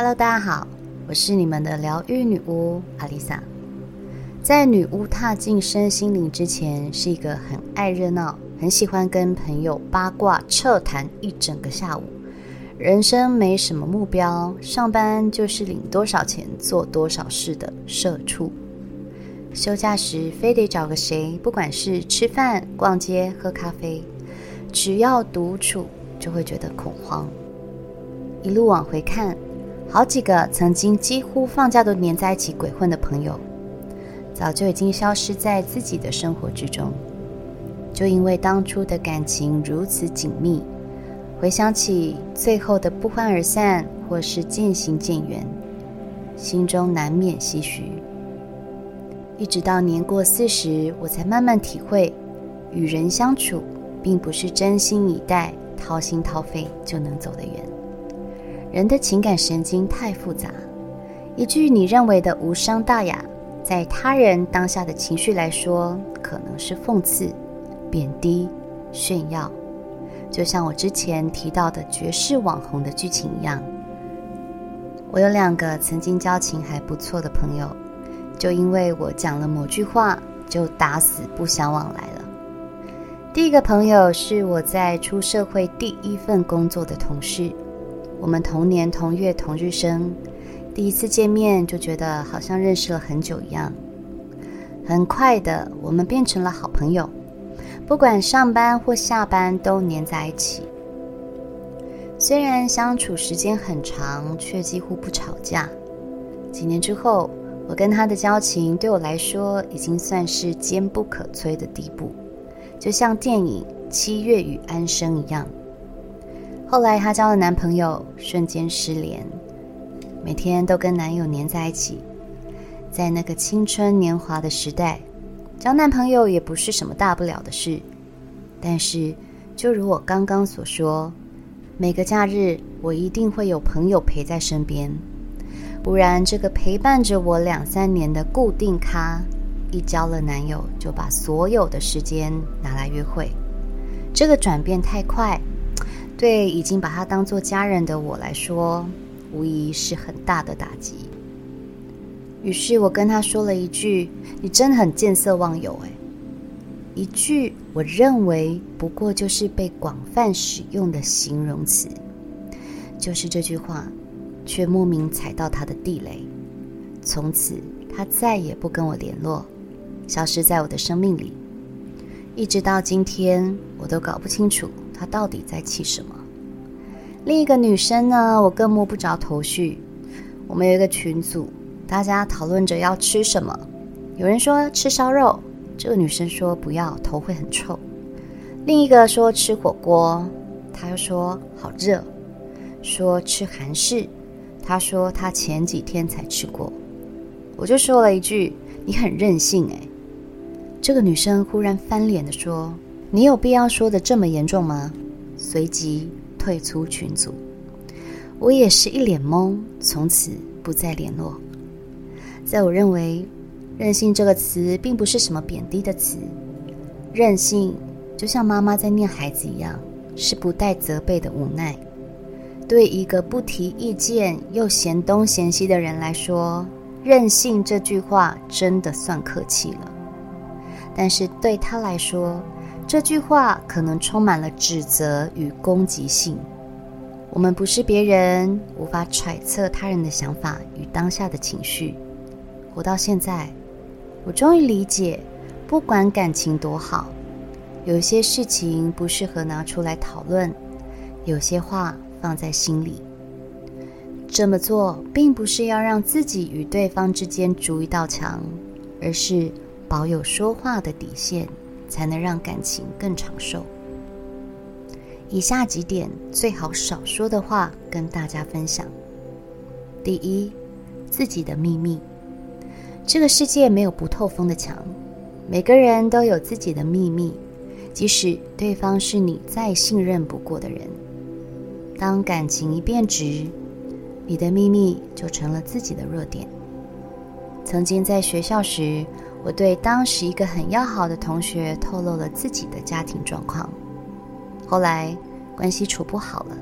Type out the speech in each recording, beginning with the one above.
Hello，大家好，我是你們的療癒女巫阿麗薩。在女巫踏進身心靈之前，是一個很愛熱鬧、很喜歡跟朋友八卦、徹談一整個下午。人生沒什麼目標、上班就是領多少錢做多少事的社畜。休假時非得找個誰，不管是吃飯、逛街、喝咖啡，只要獨處就會覺得恐慌。一路往回看。好幾個曾經幾乎放假都黏在一起鬼混的朋友，早就已經消失在自己的生活之中。就因為當初的感情如此緊密，回想起最後的不歡而散或是漸行漸遠，心中難免唏噓。一直到年過四十，我才慢慢體會，與人相處並不是真心以待、掏心掏肺就能走得遠。人的情感神經太複雜，一句你認為的無傷大雅，在他人當下的情緒來說，可能是諷刺、貶低、炫耀。就像我之前提到的絕世網紅的劇情一樣，我有兩個曾經交情還不錯的朋友，就因為我講了某句話，就打死不相往來了。第一個朋友是我在出社會第一份工作的同事。我們同年同月同日生，第一次見面就覺得好像認識了很久一樣。很快的，我們變成了好朋友，不管上班或下班都黏在一起。雖然相處時間很長，卻幾乎不吵架。幾年之後，我跟他的交情對我來說已經算是堅不可摧的地步，就像電影《七月與安生》一樣。後來她交了男朋友，瞬間失聯，每天都跟男友黏在一起。在那個青春年華的時代，交男朋友也不是什麼大不了的事。但是，就如我剛剛所說，每個假日我一定會有朋友陪在身邊，不然這個陪伴着我兩三年的固定咖，一交了男友就把所有的時間拿來約會，這個轉變太快。對已經把他當做家人的我來說，無疑是很大的打擊。於是我跟他說了一句：“你真的很見色忘友。”哎，一句我認為不過就是被廣泛使用的形容詞，就是這句話，卻莫名踩到他的地雷。從此，他再也不跟我聯絡，消失在我的生命裡。一直到今天，我都搞不清楚。她到底在氣什麼？另一個女生呢，我更摸不着頭緒。我們有一個群組，大家討論着要吃什麼。有人說吃燒肉，這個女生說不要，頭會很臭。另一個說吃火鍋，她又說好熱。說吃韓式，她說她前幾天才吃過。我就說了一句：“你很任性欸。”這個女生忽然翻臉的說。你有必要說得這麼嚴重嗎？隨即退出群組。我也是一臉懵，從此不再聯絡。在我認為，“任性”這個詞並不是什麼貶低的詞。任性就像媽媽在念孩子一樣，是不帶責備的無奈。對一個不提意見又嫌東嫌西的人來說，“任性”這句話真的算客氣了。但是對他來說，這句話可能充滿了指責與攻擊性。我們不是別人，無法揣測他人的想法與當下的情緒。活到現在，我終於理解，不管感情多好，有些事情不適合拿出來討論，有些話放在心裡。這麼做並不是要讓自己與對方之間築一道牆，而是保有說話的底線。才能讓感情更長壽。以下幾點最好少說的話，跟大家分享。第一，自己的秘密。這個世界沒有不透風的牆，每個人都有自己的秘密，即使對方是你再信任不過的人。當感情一變質，你的秘密就成了自己的弱點。曾經在學校時，我對當時一個很要好的同學透露了自己的家庭狀況，後來關係處不好了。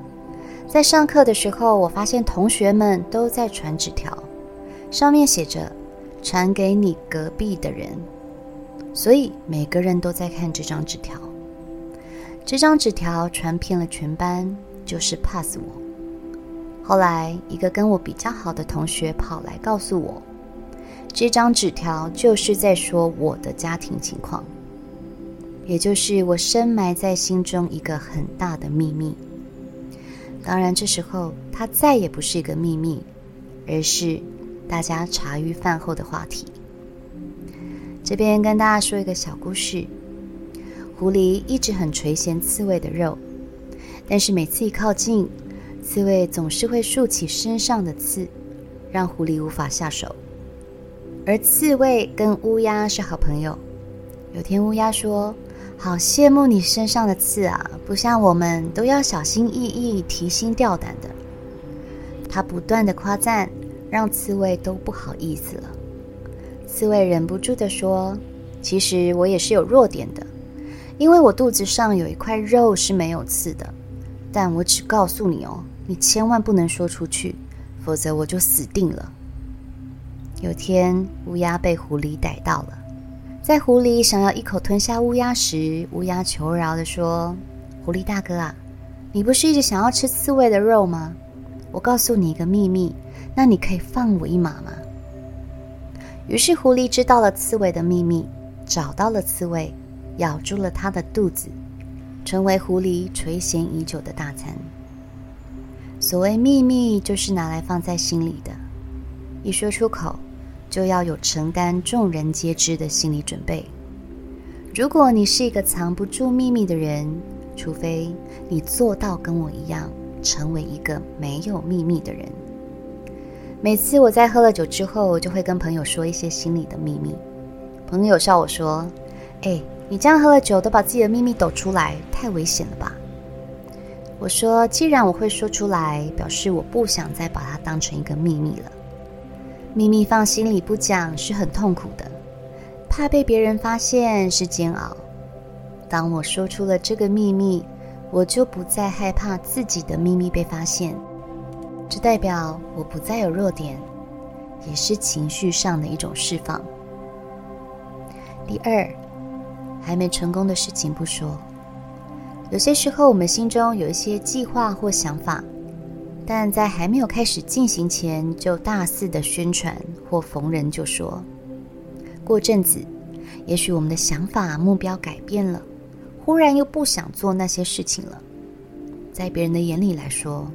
在上課的時候，我發現同學們都在傳紙條，上面寫着“傳給你隔壁的人”，所以每個人都在看這張紙條。這張紙條傳遍了全班，就是 pass 我。後來，一個跟我比較好的同學跑來告訴我。這張紙條就是在說我的家庭情況，也就是我深埋在心中一個很大的秘密。當然，這時候它再也不是一個秘密，而是大家茶餘飯後的話題。這邊跟大家說一個小故事，狐狸一直很垂涎刺蝟的肉，但是每次一靠近，刺蝟總是會豎起身上的刺，讓狐狸無法下手。而刺蝟跟烏鴉是好朋友。有天烏鴉說：“好羨慕你身上的刺啊，不像我們都要小心翼翼、提心吊膽的。”他不斷的誇讚，讓刺蝟都不好意思了。刺蝟忍不住地說：“其實我也是有弱點的，因為我肚子上有一塊肉是沒有刺的。但我只告訴你哦，你千萬不能說出去，否則我就死定了。”有天，烏鴉被狐狸逮到了，在狐狸想要一口吞下烏鴉時，烏鴉求饒地說：“狐狸大哥啊，你不是一直想要吃刺蝟的肉嗎？我告訴你一個秘密，那你可以放我一馬嗎？”於是，狐狸知道了刺蝟的秘密，找到了刺蝟，咬住了它的肚子，成為狐狸垂涎已久的大餐。所謂秘密，就是拿來放在心裡的，一說出口，就要有承擔眾人皆知的心理準備。如果你是一個藏不住秘密的人，除非你做到跟我一樣，成為一個沒有秘密的人。每次我在喝了酒之後，就會跟朋友說一些心裡的秘密。朋友笑我說：“哎，你這樣喝了酒都把自己的秘密抖出來，太危險了吧？”我說：“既然我會說出來，表示我不想再把它當成一個秘密了。”秘密放心裡不講是很痛苦的，怕被別人發現是煎熬。當我說出了這個秘密，我就不再害怕自己的秘密被發現，這代表我不再有弱點，也是情緒上的一種釋放。第二，還沒成功的事情不說，有些時候我們心中有一些計劃或想法。但在還沒有開始進行前，就大肆的宣傳或逢人就說，過陣子，也許我們的想法、目標改變了，忽然又不想做那些事情了。在別人的眼裡來說，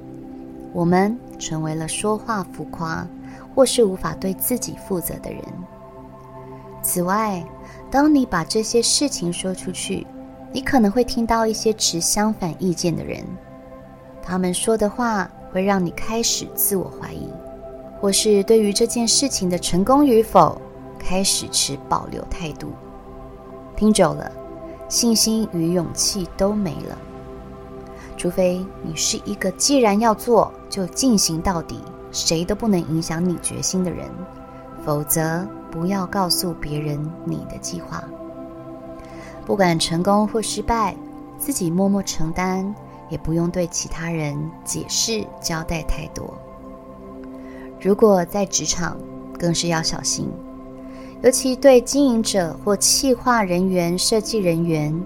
我們成為了說話浮誇或是無法對自己負責的人。此外，當你把這些事情說出去，你可能會聽到一些持相反意見的人，他們說的話。會讓你開始自我懷疑，或是對於這件事情的成功與否開始持保留態度。聽久了，信心與勇氣都沒了。除非你是一個既然要做就進行到底，誰都不能影響你決心的人，否則不要告訴別人你的計劃。不管成功或失敗，自己默默承擔。也不用對其他人解釋交代太多。如果在職場，更是要小心，尤其對經營者或企劃人員、設計人員，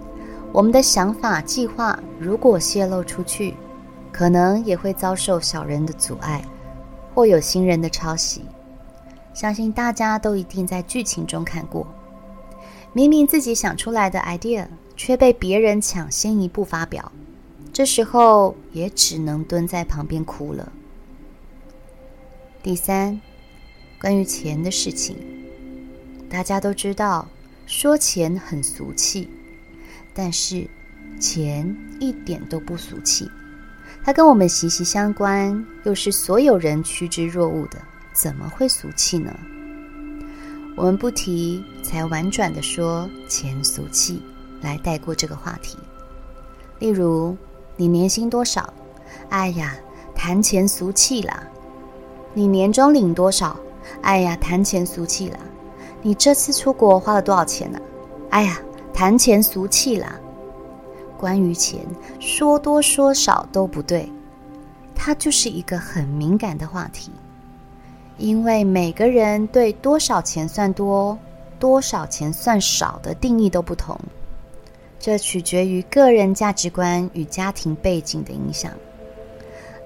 我們的想法、計劃如果洩露出去，可能也會遭受小人的阻礙，或有心人的抄襲。相信大家都一定在劇情中看過，明明自己想出來的 idea，卻被別人搶先一步發表。這時候也只能蹲在旁邊哭了。第三，關於錢的事情，大家都知道說錢很俗氣，但是錢一點都不俗氣，它跟我們息息相關，又是所有人趨之若鶩的，怎麼會俗氣呢？我們不提，才婉轉地說錢俗氣，來帶過這個話題，例如。你年薪多少？哎呀，談錢俗氣了。你年終領多少？哎呀，談錢俗氣了。你這次出國花了多少錢呢？啊？哎呀，談錢俗氣了。關於錢，說多說少都不對，它就是一個很敏感的話題，因為每個人對多少錢算多、多少錢算少的定義都不同。這取決於個人價值觀與家庭背景的影響。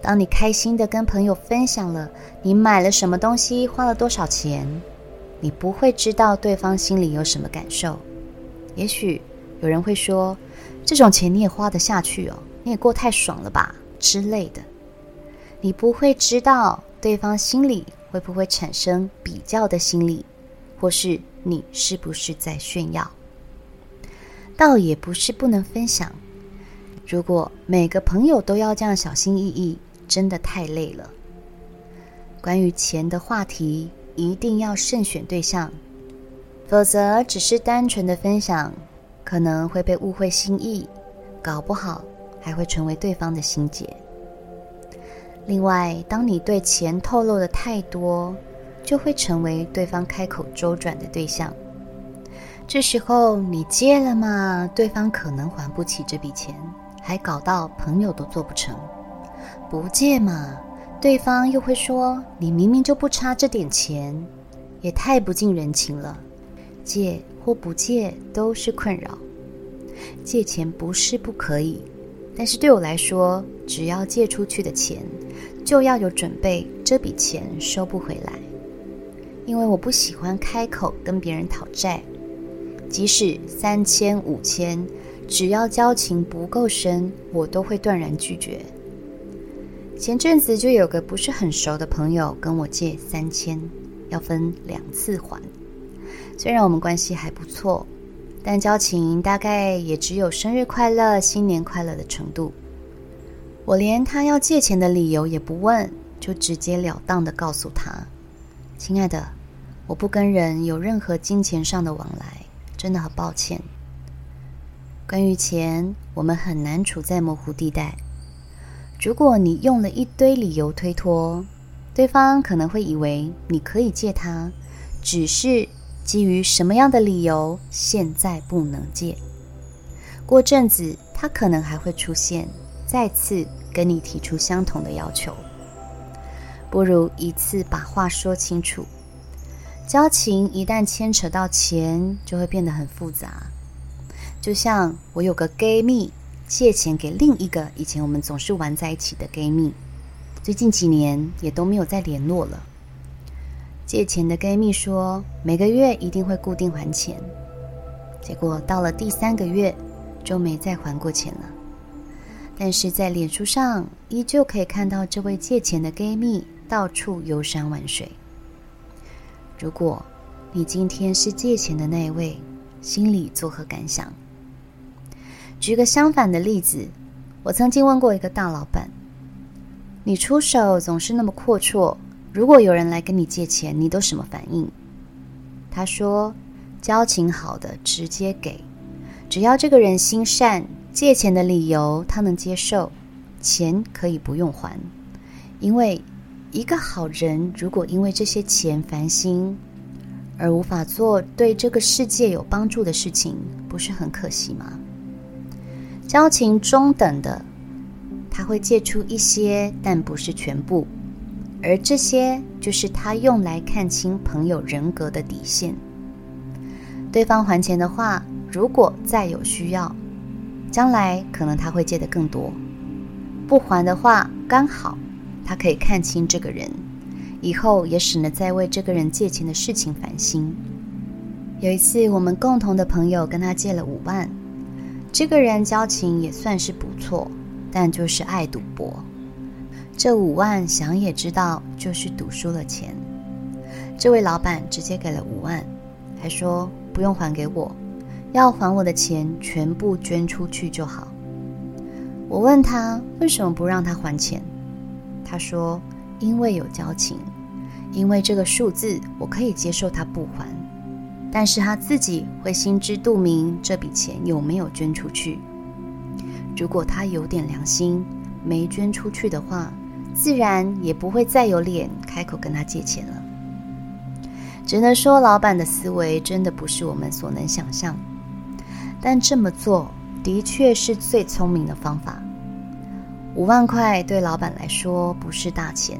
當你開心的跟朋友分享了你買了什麼東西，花了多少錢，你不會知道對方心裡有什麼感受。也許有人會說：“這種錢你也花得下去哦，你也過太爽了吧之類的。”你不會知道對方心裡會不會產生比較的心理，或是你是不是在炫耀。倒也不是不能分享，如果每個朋友都要這樣小心翼翼，真的太累了。關於錢的話題，一定要慎選對象，否則只是單純的分享，可能會被誤會心意，搞不好還會成為對方的心結。另外，當你對錢透露的太多，就會成為對方開口周轉的對象。這時候你借了嘛？對方可能還不起這筆錢，還搞到朋友都做不成。不借嘛，對方又會說你明明就不差這點錢，也太不近人情了。借或不借都是困擾。借錢不是不可以，但是對我來說，只要借出去的錢，就要有準備這筆錢收不回來，因為我不喜歡開口跟別人討債。即使三千、五千，只要交情不夠深，我都會斷然拒絕。前陣子就有個不是很熟的朋友跟我借三千，要分兩次還。雖然我們關係還不錯，但交情大概也只有生日快樂、新年快樂的程度。我連他要借錢的理由也不問，就直截了當地告訴他：“親愛的，我不跟人有任何金錢上的往來。”真的很抱歉。關於錢，我們很難處在模糊地帶。如果你用了一堆理由推脫，對方可能會以為你可以借他，只是基於什麼樣的理由現在不能借。過陣子他可能還會出現，再次跟你提出相同的要求。不如一次把話說清楚。交情一旦牽扯到錢，就會變得很複雜。就像我有個閨蜜借錢給另一個以前我們總是玩在一起的閨蜜，最近幾年也都沒有再聯絡了。借錢的閨蜜說每個月一定會固定還錢，結果到了第三個月就沒再還過錢了。但是在臉書上依舊可以看到這位借錢的閨蜜到處遊山玩水。如果，你今天是借錢的那一位，心裡作何感想？舉個相反的例子，我曾經問過一個大老板：“你出手總是那麼闊綽，如果有人來跟你借錢，你都什麼反應？”他說：“交情好的直接給，只要這個人心善，借錢的理由他能接受，錢可以不用還，因為……”一個好人如果因為這些錢煩心，而無法做對這個世界有幫助的事情，不是很可惜嗎？交情中等的，他會借出一些，但不是全部，而這些就是他用來看清朋友人格的底線。對方還錢的話，如果再有需要，將來可能他會借得更多；不還的話，剛好。他可以看清這個人，以後也省得再為這個人借錢的事情煩心。有一次，我們共同的朋友跟他借了五萬，這個人交情也算是不錯，但就是愛賭博。這五萬想也知道就是賭輸了錢。這位老闆直接給了五萬，還說不用還給我，要還我的錢全部捐出去就好。我問他為什麼不讓他還錢？他說：“因為有交情，因為這個數字我可以接受他不還，但是他自己會心知肚明這筆錢有沒有捐出去。如果他有點良心，沒捐出去的話，自然也不會再有臉開口跟他借錢了。只能說老闆的思維真的不是我們所能想象，但這麼做的確是最聰明的方法。”五萬塊對老板來說不是大錢，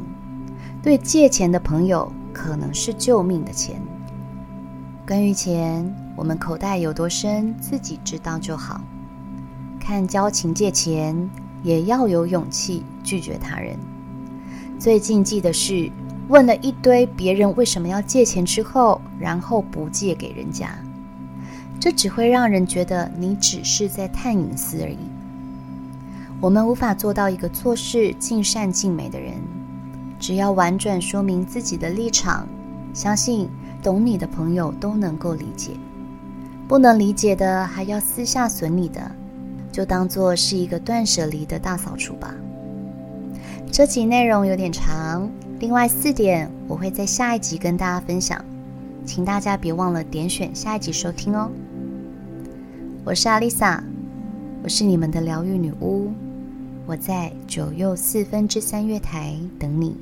對借錢的朋友可能是救命的錢。關於錢，我們口袋有多深，自己知道就好。看交情借錢，也要有勇氣拒絕他人。最禁忌的是問了一堆別人為什麼要借錢之後，然後不借給人家，這只會讓人覺得你只是在探隱私而已。我們無法做到一個做事盡善盡美的人，只要婉轉說明自己的立場，相信懂你的朋友都能夠理解，不能理解的還要私下損你的，就當作是一個斷舍離的大掃除吧。這集內容有點長，另外四點我會在下一集跟大家分享，請大家別忘了點選下一集收聽哦。我是阿麗薩，我是你們的療癒女巫。我在九又四分之三月台等你。